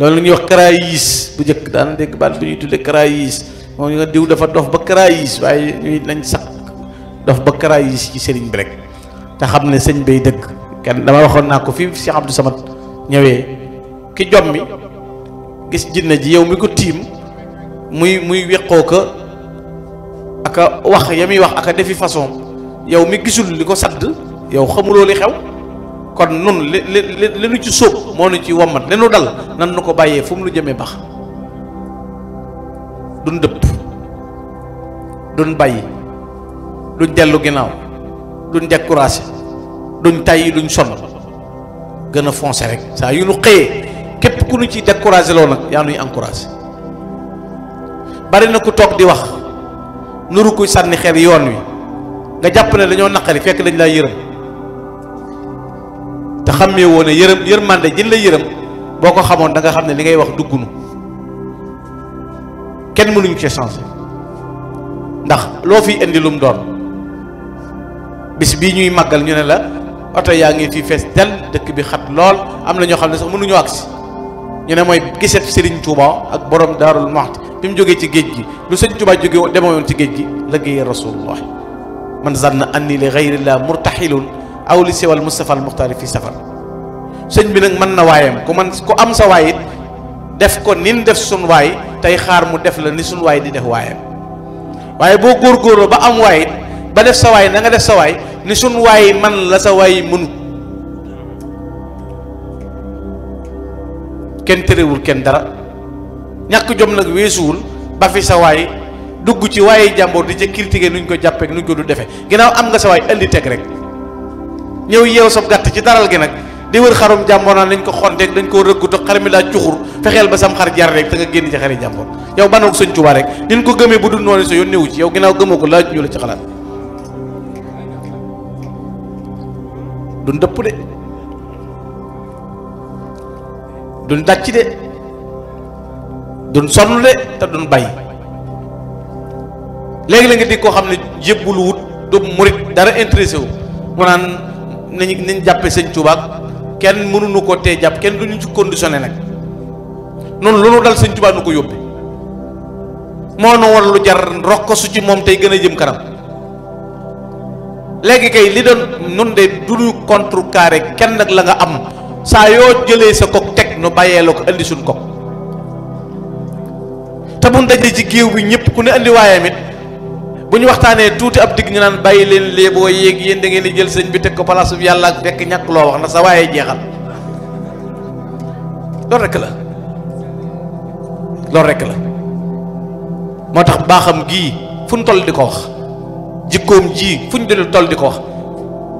loolu la ñuy wax yiis bu jëkk daana dégg baat bu ñuy tuddee caraïs moom ñu nga diw dafa dof ba caraïs waaye ñuy nañ sax dof ba caraïs ci sëriñ bi rek te xam ne sëñ bay dëkk kenn dama waxoon naa ko fii Cheikh Abdou Samad ñëwee ki jom mi gis jinne ji yow mi ko tiim muy muy wexoo ko aka wax ya muy wax aka defi façon yow mi gisul li ko sadd yow xamuloo li xew kon nun li li li nu ci sóob moo nu ci wommat li nu dal nan nu ko bàyyee fu lu nu jëmee bax duñ dëpp duñ bàyyi duñ dellu ginnaaw duñ découragé duñ tàyyi duñ sonn gën a foncé rek saa yu nu xëyee képp ku nu ci découragé loo nag yaa nuy encouragé bari na ku toog di wax nuru kuy sànni xeer yoon wi nga jàpp ne dañoo naqari fekk dañ lay yërëm te xammee woo ne yërëm yërmande jën la yërëm boo ko xamoon danga xam ne li ngay wax duggunu kenn mënuñu ci changé ndax loo fi indi lum doon bis bii ñuy màggal ñu ne la oto yaa ngi fi fees del dëkk bi xat lool am na ñoo xam ne sax mënuñoo agsi ñu ne mooy giseb Serigne Touba ak boroom Daarul Muxti bi mu jógee ci géej gi lu sëñ Touba jóge demoo yoon ci géej gi liggéeyal Rasulullah man zanna anni li ghayrillah murtahilun aw li siwal Mustafa al Muxtaari fii safar sëñ bi nag mën na waayam ku man ku am sa waay it def ko nin def sun waay tey xaar mu def la ni sun waay di def waayam waaye boo góor góorgóorloo ba am waay it ba def sa waay na def sa waay ni sun waay man la sa waay mënut kenn tërewul kenn dara ñàkk jom nag weesuwul ba fi sa waay dugg ci waaye jàmboor di ca critiquer nuñ ko jàppee nuñ ko du defee ginnaaw am nga sa waay indi teg rek ñëw yeew sab gàtt ci daral gi nag di wër xarum jàmbur dañ ko xonteeg dañ ko rëggut ak xar mi daa cuxur fexeel ba sam xar jar rek te nga génn ci xari jàmbur yow banok sëñ rek din ko gëmee bu dul noonu sa yoon newu ci yow ginnaaw gëmoo ko laaj ñu la ci xalaat duñ dëpp de duñ dàcc de duñ sonn de te duñ bay léegi la nga di koo xam ne jébbul wut du murit dara intéressé wu naan nañu nañ jàppe sañ Tuubaa kenn mënuñu ko tee jàpp kenn duñu ci conditionné nag noonu lu nu dal sëñ Tuubaa nu ko yóbbe moo nu war lu jar rokkosu ci moom tey gën a jëm kanam léegi kay li doon nun de duñu contrecarré kenn nag la nga am saa yoo jëlee sa kok teg nu bàyyee la ko indi suñ kok te bu ñu ci géew bi ñëpp ku ne indi waayam it bu waxtane waxtaanee ab dig ñu naan bàyyi leen léeboo yéeg yeen da ngeen di jël señ bi tek ko place yàlla yalla fekk ñak lo wax na sa waye jeexal loolu rek la loolu rek la motax baxam gi fuñ toll diko wax jikkom ji fuñ ñu toll diko wax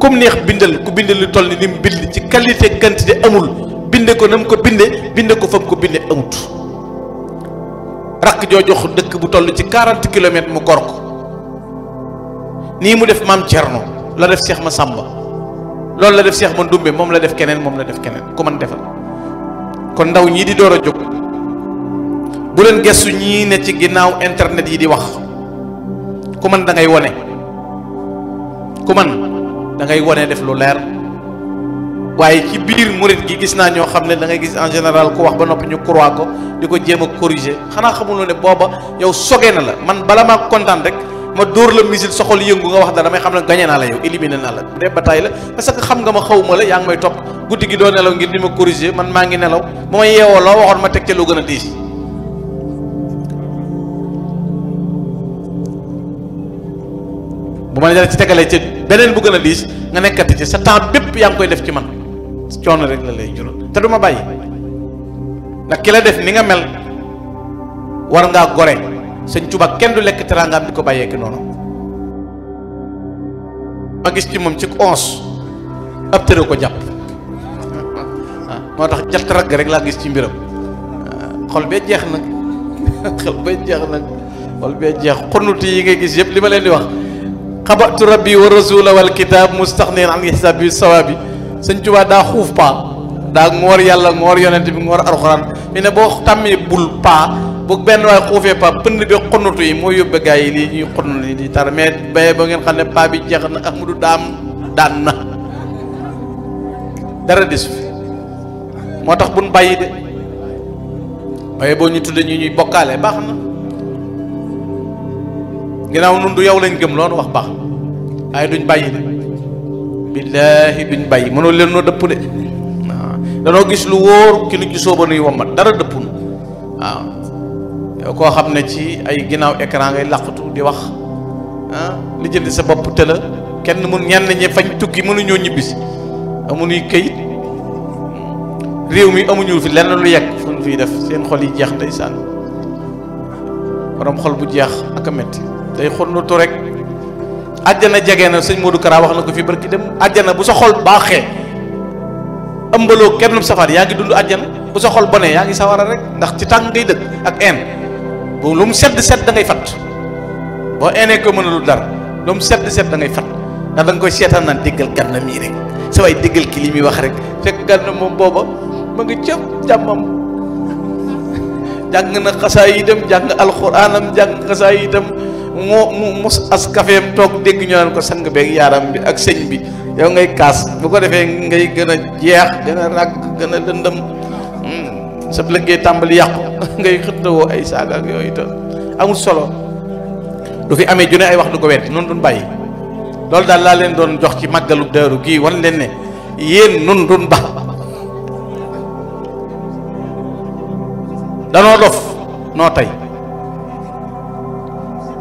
kum neex bindal ku bindal toll ni nim bind ci qualité quantité amul binde ko nam ko binde binde ko fam ko binde amut rak jox dekk bu toll ci 40 km mu gor ni mu def mam tierno la def Cheikh ma Samba la def Cheikh ma dumbe mom la def kenen mom la def kenen ku man defal kon ndaw ñi di doora a bu len gessu ñi ne ci ginaaw internet yi di wax ku man da ngay woné ku man da ngay woné def lu leer waye ci bir mourid gi gis na ño xamne da ngay gis en general ku wax ba nopi ñu croix ko di ko corriger xana xamul xanaa ne boba yow sogé na la man bala ma rek ma door la misil soxol yëngu nga wax da damay xam la gagné na la yow éliminé na la dé bataille la parce que xam nga ma xawma la yang may top, goudi gi do nelaw ngir di corriger man ma ngi nelaw ba ma la waxon ma tek ci lo gëna a diis bu ma la ci tegalee ci benen bu gëna a diis nga nekkati ci sa temps bépp yang koy def ci man ciono rek la lay jural té duma bayyi nak ki la def ni nga mel war nga goré sëñ Tuubaa kenn du lekk teraangaam di ko bàyyeeki noonu ma gis ci moom ci onze ab tëre ko jàpp moo tax jatt ragg rek laa gis ci mbiram xol bee jeex nag xol bee jeex nag xol bee jeex xunuti yi ngay gis yëpp li ma leen di wax xabatu rabbi wa rasula wal kitab mustaxnin an xisaab bi sawaabi sëñ Tuubaa daa xuuf paa daa ngoor yàlla ngoor yonent bi ngoor alxuraan mi ne boo tàmmee bul paa bu ben way xuufee pa pënd bi xunutu yi mo yobbe gaay li ñu ñuy li di tar mais baye ba ngeen xamné pa bi jeex na Ahmadu dam dan na dara dis fi moo buñ bayyi de bay bo ñu tuddee ñi ñuy bokalé baxna ginaaw nu ndu yow lañ gëm loon wax bax ay duñ bayyi de billaahi duñ bàyyi mënoo leen no depp de da no gis lu wóor ki lu gisoo ba nuy dara dëppun waaw ko xamne ci ay ginaaw écran ngay laqatu di wax ah li jënd sa bop teul kenn mun ñen ñi fañ tukki mënuñoo ñibbisi amuñuy keuyit rew mi amuñu fi lenn lu yek fuñ fi def seen xol yi jeex ndeysaan borom xol bu jeex ak metti day to rek aljana jageena na Modou Kara wax na ko fi barki dem aljana bu sa xol baaxee ëmbalo kenn safar yaangi dund bu sa xol boné yaangi sawara rek ndax ci tang ngay dëkk ak en bu lu mu sedd sedd da ngay fat bo ene ko mënalul dara lu mu sedd sedd da ngay fat da dang koy setan nan diggal gànnam yi rek sa way diggal ki limi wax rek fek gànnam mom booba ma nga cëpp jàmmam jang na xasaay jang alquranam jang alxuraanam mo xasaay as kafeem tok deg ñu ko sang beeg yaram bi ak señ bi yow ngay kaas bu ko defé ngay gëna jeex gën rag gëna dëndëm sa kita ngay yak ngay xëttawoo ay saga ak yoy te amul solo du fi amé junne ay eh, wax du ko weddi non dun bàyyi lol dal la len don jox ci magalu daaru gi wan len ne yeen nun dun ba no dof no tay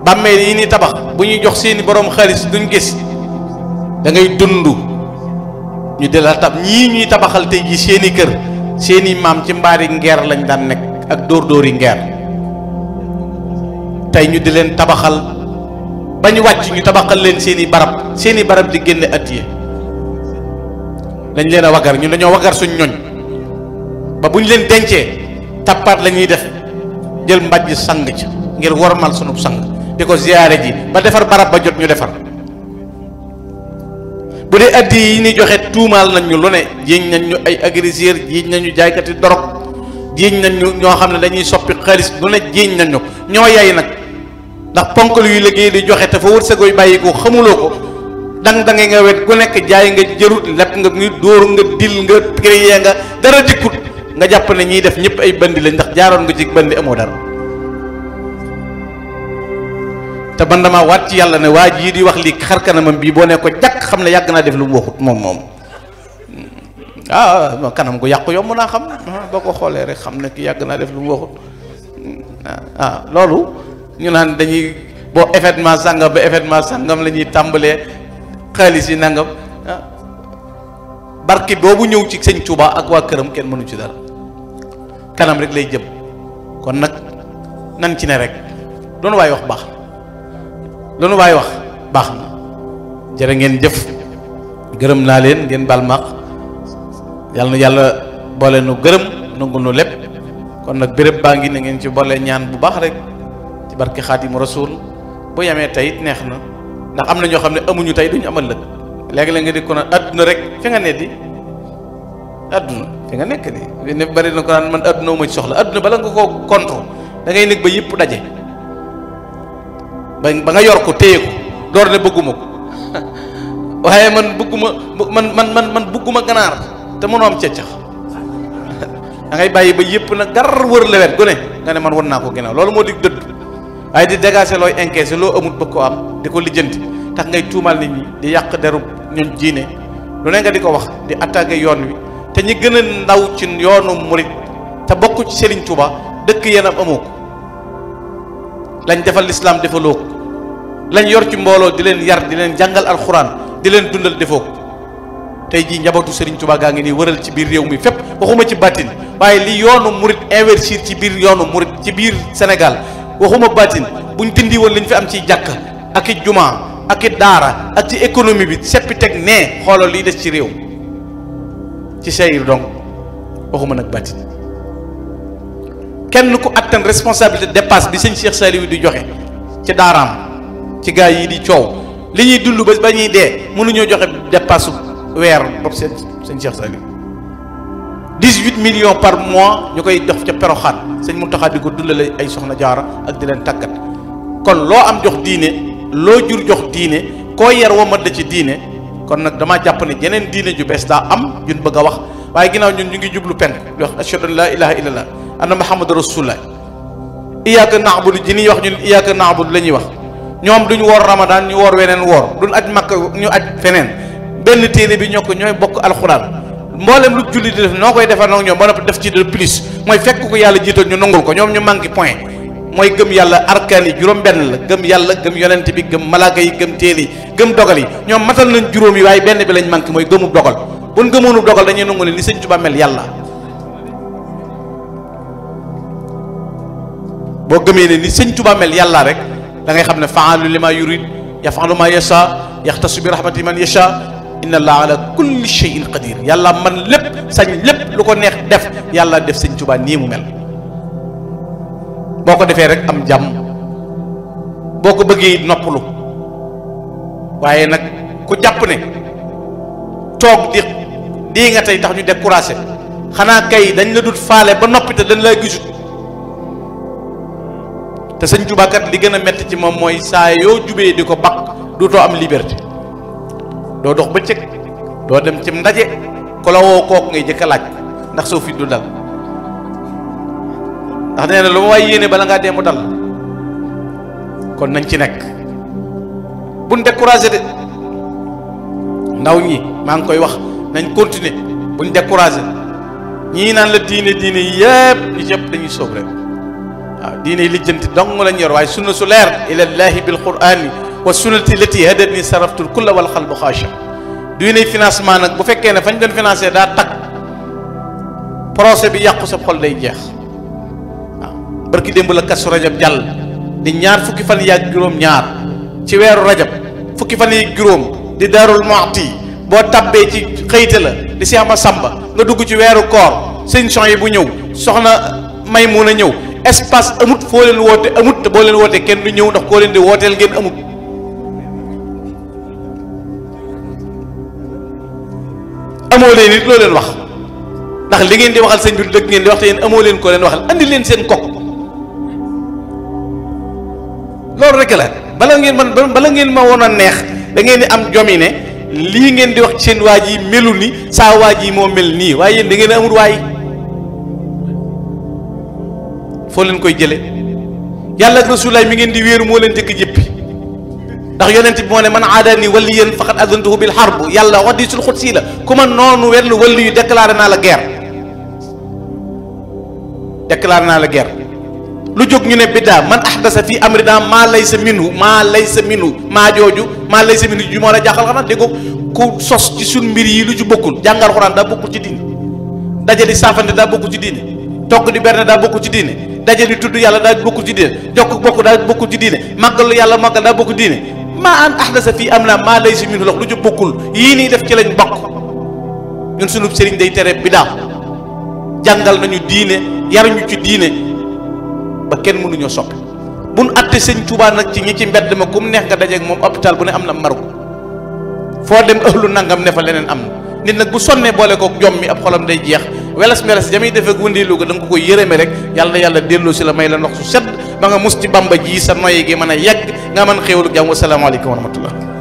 bamé yi ni tabax bu ñuy jox seen borom xaliss duñ gis da ngay dundu ñu de tab ñi ñuy tabaxal tay gi seeni kër seen imam ci mbari ngeer lañ dan nek ak dor dori ngeer tay ñu di len tabaxal bañ wacc ñu tabaxal len seeni barab seeni barab di genn atiyé dañ leena wagar ñu dañu wagar suñ ñoñ ba buñ leen dencé tapat lañuy def jël mbajj sang ci ngir wormal suñu sang diko ziaré ji ba defar barab ba jot ñu defar bu dee addi yi ñuy joxe tuumaal nañ ñu lu ne jiiñ nañ ñu ay agresseur jiiñ nañ ñu jaaykati dorog jiiñ nañ ñu ñoo xam ne dañuy soppi xaalis lu ne jiiñ nañ ñu ñoo yay nag ndax ponk yuy liggéey di joxe te fa wërsëgooy bàyyi ko xamuloo ko dang dange nga wet ku nekk jaay nga jërut lepp nga muy dóor nga dil nga yee nga dara dikkut nga jàpp ne ñiy def ñëpp ay bandi lañ ndax jaaroon nga ci bandi amoo dara te man damaa waat ci yàlla ne waa jii di wax lii xar kanamam bii boo ne ko jàkk xam ne yàgg naa def lu mu waxut moom moom hmm. ah kanam gu yàqu yomb naa xam ah, boo ko xoolee rek xam ne ki yàgg naa def lu mu waxut hmm. ah, ah, loolu ñu naan dañuy boo événement sàngam ba événement sàngam la ñuy tàmbalee xaalis yi nangam barke boobu ñëw ci sëñ Touba ak waa këram kenn mënu ci dara kanam rek lay jëm kon nag nan ci ne rek doon waaye wax baax lunu nu wax baax jere nalin, ngeen jëf gërëm na leen ngeen baal maq yalla na nu gërëm nangu nu lepp kon nak bërepp baangi na ngeen ci bolé ñaan bu bax rek ci barki khatim rasul bu yame tayit neexna na ndax amna ño xamne amuñu tay duñu amal lekk leg leg nga di ko naan rek fi nga neddi di fi nga nekk di ne bari na ko nan man aduna wu ma ci soxla aduna bala nga ko contre da ngay nek ba ba nga yor ko téye ko door ne bëgguma ko waaye man bëgguma man man man man bëgguma ganaar te mënoo am ceccax da ngay bàyyi ba yëpp nag gar wër lewet gu ne nga ne man wan naa ko ginnaaw loolu moo digg dëdd waaye di dégager looy encaissé loo amut bëgg ko am di ko lijjanti tax ngay tuumal nit ñi di yàq derub ñun jiine lu ne nga di ko wax di attaqué yoon wi te ñi gën a ndaw ci yoonu murit te bokk ci Serigne Touba dëkk yéen am amoo ko lañ defal lislaam defaloo ko lañ yor ci mbooloo di leen yar di leen jàngal alxuraan di leen dundal defoo ko tey jii njabootu Serigne Touba gaa ngi ni wëral ci biir réew mi fépp waxuma ci bàttin waaye li yoonu murit investir ci biir yoonu murit ci biir Sénégal waxuma bàttin buñ dindi woon lañu fi am ciy jàkka ak i jumaa ak i daara ak ci économie bi seppi teg nee xoolal liy des ci réew ci sayir donc waxuma nag bàttin kenn ku attan responsabilité dépasse bi sëñ Cheikh Saliou di joxe ci daaraam ci gaa yi di coow li ñuy dund ba ba ñuy dee mënuñoo joxe dépasse weer bopp seen sëñ Cheikh Saliou dix-huit millions par mois ñu koy def ca Porokhane sëñ Mountakha di ko dundale ay soxna jaara ak di leen tàggat kon loo am jox diine loo jur jox diine koo yar woo mat la ci diine kon nag damaa jàpp ne jeneen diine ju bees daa am jun bëgg a wax waaye ginnaaw ñun ñu ngi jublu penk di wax ashhadu an laa anna muhammadu rasulullah iyyaka na'budu ji ñuy wax ñun iyyaka bu la ñuy wax ñoom duñ woor ramadan ñu woor weneen woor duñ aj makka ñu aj feneen benn téere bi ñoo ko ñooy bokk alxuraan mboolem lu julli di def noo koy defar nag ñoom ba noppi def ci de plus mooy fekk ko yàlla jiital ñu nangul ko ñoom ñu manqué point mooy gëm yàlla arkaan yi juróom-benn la gëm yàlla gëm yonent bi gëm malaaka yi gëm téere yi gëm dogal yi ñoom matal nañ juróom yi waaye benn bi lañ manqué mooy gëmub dogal buñ gëmoonub dogal dañuy nangu ne ni sëñ yàlla bo gëmé ne ni sëñ Tuubaa mel yàlla rek da ngay xamné faalu lima yurid yafalu ma yasha yaxtasu bi rahmati man yasha inna allaha ala kulli shay'in qadir yàlla man lépp sañ lépp lu ko neex def yàlla def sëñ Tuubaa ni mu mel boko defé rek am jam boko bëggé noppulu wayé nak ku jàpp ne tok di di nga tay tax ñu décourager xana kay dañ la dut faale ba noppi te dañ laa gisut te señ Tuubaa kat li gëna metti ci mom moy sa yo djubé di bak baq am liberté do dox ba cëg dem ci ndaje ko la woo kook ngay jëk laaj ndax so fi du dal ndax neena lu way yene bala nga dee mu dal kon nañ ci bu ñu décourager de ndaw ñi ma ngi koy wax nañ continuer ñu décourager ñi naan la diiné diiné yépp ñu yëpp dañuy soob rek ديني لجنت دونغ لنير واي سنة سلير إلى الله بالقرآن والسنة التي هدتني صرفت الكل والقلب خاشع ديني فيناس مانك بفكينا فنجن فيناس دا تك بروسي بي يقو سبخل دي جيخ بركي دي مولا كسو رجب جل دي نيار فوكي فن يا جروم نيار تيوير رجب فوكي فن يا جروم دي دار المعطي بو تابي تي خيتلا دي سيما سامبا ندوكو تيوير كور سين شعيبو نيو سوخنا ماي مونا espace amut foo leen woote amut te boo leen woote kenn du ñëw ndax koo leen di wooteel ngeen amut amoo leen it loo wax ndax li ngeen di waxal sëñ bi du ngeen di wax te yéen amoo leen koo leen waxal andi leen seen kok loolu rek la bala ngeen man bala ngeen ma woon a neex da ngeen di am jomi ne lii ngeen di wax ci seen waa yi melu ni saa waa ji moo mel nii waaye yéen da ngeen amut waay foo leen koy jële yàlla ak rasulaay mi ngeen di wéeru moo leen jëkk jëppi ndax yonent bi moo ne man aadani waliyan faqad adantuhu bil harb yàlla hadiisul qudsi la ku ma noonu wenn wali yu déclaré naa la guerre naa la guerre lu jóg ñu ne biddaa man ahdasa fi amrina maa laysa minhu maa laysa minhu maa jooju maa laysa minhu ju moo la jaaxal xanaa dégg ku sos ci suñ mbir yi lu ci bokkul jàngal xuraan daa bokkul ci diine daje di daa bokkul ci diine togg di daje di tudd yàlla daal bokkul ci diine jokk bokk daal bokkul ci diine màggalu yàlla màggal daal bokkul diine maa an ahdasa fii am naa maa lay si minhu lox lu ju bokkul yii nii def ci lañ bokk ñun sunub sëriñ day tere bidaa jàngal nañu diine yaruñu ci diine ba kenn mënuñoo soppi buñ atte sëñ tuubaan nag ci ñi ci mbedd ma mu neex nga dajeeg moom hôpital bu ne am na margo foo dem ëhlu nangam ne fa leneen am na nit nag bu sonnee boole kook jom mi ab xolam day jeex weles meles jamiy defek wëndeelu ko da ko koy yërëme rek yàlla na yàlla delloo si la may la ndox su set ba nga mus ci bamba ji sa noyyi nga mën a yegg nga mën xéewlu jàmm wasalaamaaleykum wa rahmatullah